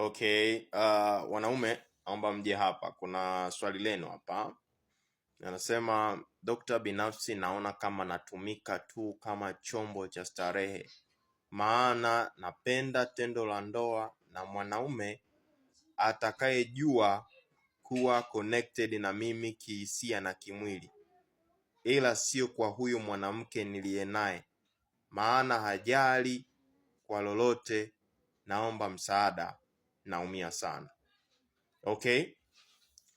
Okay, uh, wanaume naomba mje hapa, kuna swali lenu hapa. Anasema dokta, binafsi naona kama natumika tu kama chombo cha starehe, maana napenda tendo la ndoa na mwanaume atakayejua kuwa connected na mimi kihisia na kimwili, ila sio kwa huyu mwanamke niliye naye, maana hajali kwa lolote. Naomba msaada naumia sana. Okay?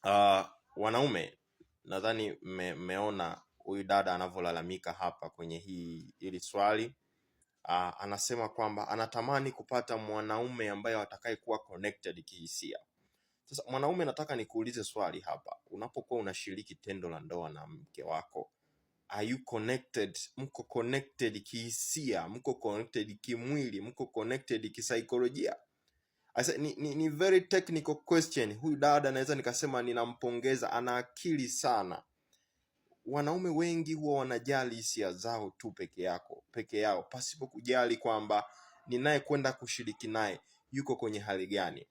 Uh, wanaume nadhani mmeona huyu dada anavyolalamika hapa kwenye hii hili swali. Uh, anasema kwamba anatamani kupata mwanaume ambaye atakayekuwa connected kihisia. Sasa mwanaume, nataka nikuulize swali hapa, unapokuwa unashiriki tendo la ndoa na mke wako, are you connected? Mko connected kihisia? Mko connected kimwili? Mko connected kisaikolojia? Asa, ni, ni, ni very technical question. Huyu dada naweza nikasema ninampongeza, ana akili sana. Wanaume wengi huwa wanajali hisia zao tu peke yako peke yao pasipo kujali kwamba ninayekwenda kushiriki naye yuko kwenye hali gani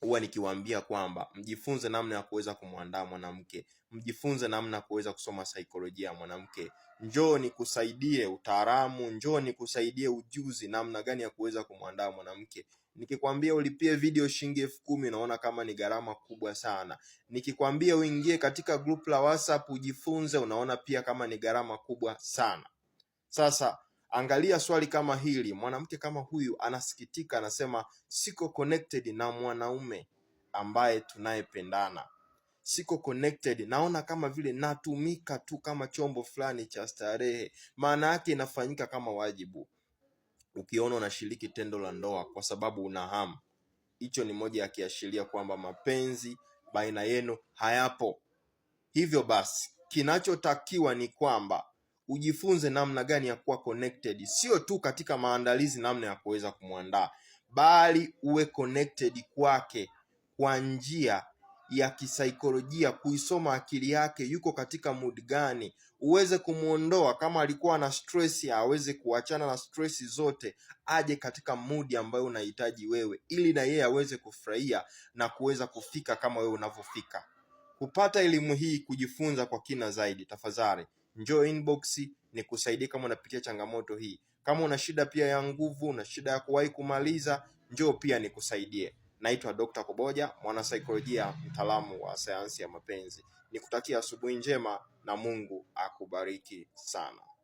huwa nikiwaambia kwamba mjifunze namna ya kuweza kumwandaa mwanamke, mjifunze namna ya kuweza kusoma saikolojia ya mwanamke. Njoo nikusaidie utaalamu, njoo nikusaidie ujuzi namna gani ya kuweza kumwandaa mwanamke. Nikikwambia ulipie video shilingi elfu kumi unaona kama ni gharama kubwa sana. Nikikwambia uingie katika group la WhatsApp ujifunze, unaona pia kama ni gharama kubwa sana. Sasa Angalia swali kama hili, mwanamke kama huyu anasikitika, anasema siko connected na mwanaume ambaye tunayependana, siko connected, naona kama vile natumika tu kama chombo fulani cha starehe. Maana yake inafanyika kama wajibu. Ukiona unashiriki tendo la ndoa kwa sababu una hamu, hicho ni moja ya kiashiria kwamba mapenzi baina yenu hayapo. Hivyo basi kinachotakiwa ni kwamba ujifunze namna gani ya kuwa connected, sio tu katika maandalizi namna ya kuweza kumwandaa, bali uwe connected kwake kwa njia ya kisaikolojia, kuisoma akili yake, yuko katika mood gani, uweze kumwondoa. Kama alikuwa na stress, aweze kuachana na stress zote, aje katika mood ambayo unahitaji wewe, ili na yeye aweze kufurahia na kuweza kufika kama wewe unavyofika. Kupata elimu hii, kujifunza kwa kina zaidi, tafadhali njoo inbox ni kusaidie kama unapitia changamoto hii. Kama una shida pia ya nguvu, una shida ya kuwahi kumaliza, njoo pia nikusaidie. Naitwa Dr. Koboja, mwanasaikolojia, mtaalamu wa sayansi ya mapenzi. Nikutakia asubuhi njema na Mungu akubariki sana.